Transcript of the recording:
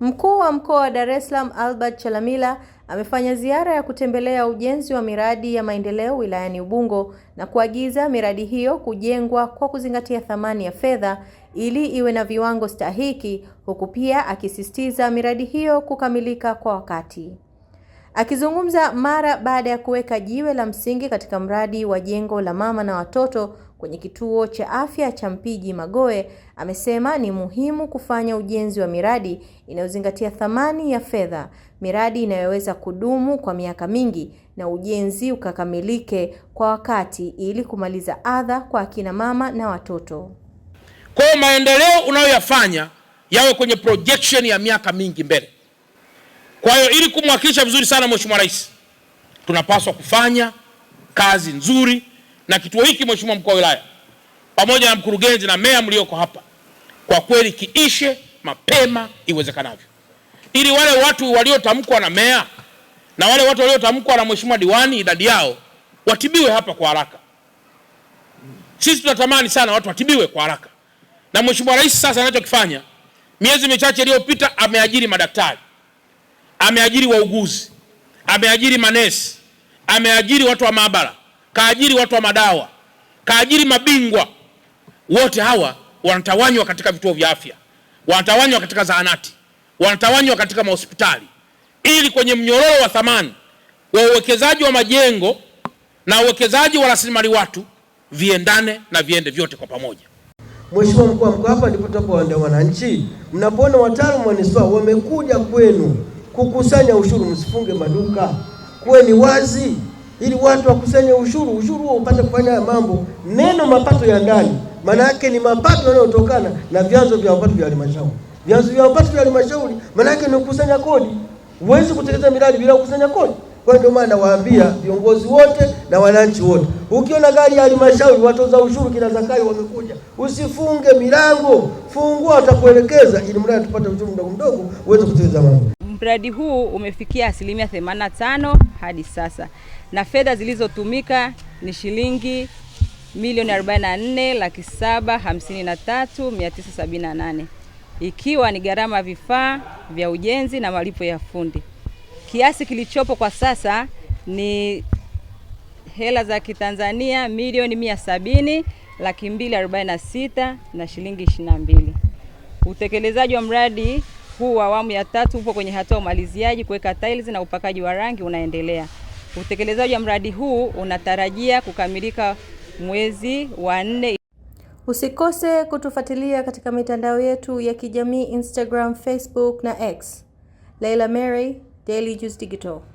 Mkuu wa Mkoa wa Dar es Salaam Albert Chalamila amefanya ziara ya kutembelea ujenzi wa miradi ya maendeleo wilayani Ubungo na kuagiza miradi hiyo kujengwa kwa kuzingatia thamani ya fedha ili iwe na viwango stahiki, huku pia akisisitiza miradi hiyo kukamilika kwa wakati. Akizungumza mara baada ya kuweka jiwe la msingi katika mradi wa jengo la mama na watoto kwenye kituo cha afya cha Mpiji Magoe, amesema ni muhimu kufanya ujenzi wa miradi inayozingatia thamani ya fedha, miradi inayoweza kudumu kwa miaka mingi na ujenzi ukakamilike kwa wakati ili kumaliza adha kwa akina mama na watoto. Kwa maendeleo unayoyafanya yawe kwenye projection ya miaka mingi mbele. Kwa hiyo ili kumwakilisha vizuri sana Mheshimiwa Rais, tunapaswa kufanya kazi nzuri na kituo hiki. Mheshimiwa mkuu wa wilaya, pamoja na mkurugenzi na meya mlioko hapa, kwa kweli kiishe mapema iwezekanavyo, ili wale watu waliotamkwa na meya na wale watu waliotamkwa na mheshimiwa diwani idadi yao watibiwe hapa kwa haraka. Sisi tunatamani sana watu watibiwe kwa haraka, na mheshimiwa rais sasa anachokifanya, miezi michache iliyopita ameajiri madaktari ameajiri wauguzi, ameajiri manesi, ameajiri watu wa maabara, kaajiri watu wa madawa, kaajiri mabingwa. Wote hawa wanatawanywa katika vituo vya afya, wanatawanywa katika zahanati, wanatawanywa katika mahospitali, ili kwenye mnyororo wa thamani wa uwekezaji wa majengo na uwekezaji wa rasilimali watu viendane na viende vyote kwa pamoja. Mheshimiwa mkuu wa mkoa, hapa ndipo tunapowaendea wananchi. Mnapoona wataalamu wa NISWA wamekuja kwenu kukusanya ushuru, msifunge maduka, kuwe ni wazi ili watu wakusanye ushuru. Ushuru huo upate kufanya mambo. Neno mapato ya ndani maana yake ni mapato yanayotokana na vyanzo vya mapato vya halmashauri. Vyanzo vya mapato vya halmashauri maana yake ni kukusanya kodi. Huwezi kutekeleza miradi bila kukusanya kodi. Kwa ndio maana nawaambia viongozi wote na wananchi wote, ukiona gari ya halmashauri, watoza ushuru kina Zakayo wamekuja, usifunge milango, fungua, watakuelekeza ili mradi tupate ushuru mdogo mdogo uweze kutekeleza mambo mradi huu umefikia asilimia 85 hadi sasa, na fedha zilizotumika ni shilingi milioni 44 laki saba hamsini na tatu mia tisa sabini na nane ikiwa ni gharama vifaa vya ujenzi na malipo ya fundi. Kiasi kilichopo kwa sasa ni hela za Kitanzania milioni mia sabini laki mbili arobaini na sita na shilingi 22 na mbili. Utekelezaji wa mradi huu wa awamu ya tatu upo kwenye hatua umaliziaji, kuweka tiles na upakaji wa rangi unaendelea. Utekelezaji wa mradi huu unatarajia kukamilika mwezi wa nne. Usikose kutufuatilia katika mitandao yetu ya kijamii Instagram, Facebook na X. Leila Mary, Daily News Digital.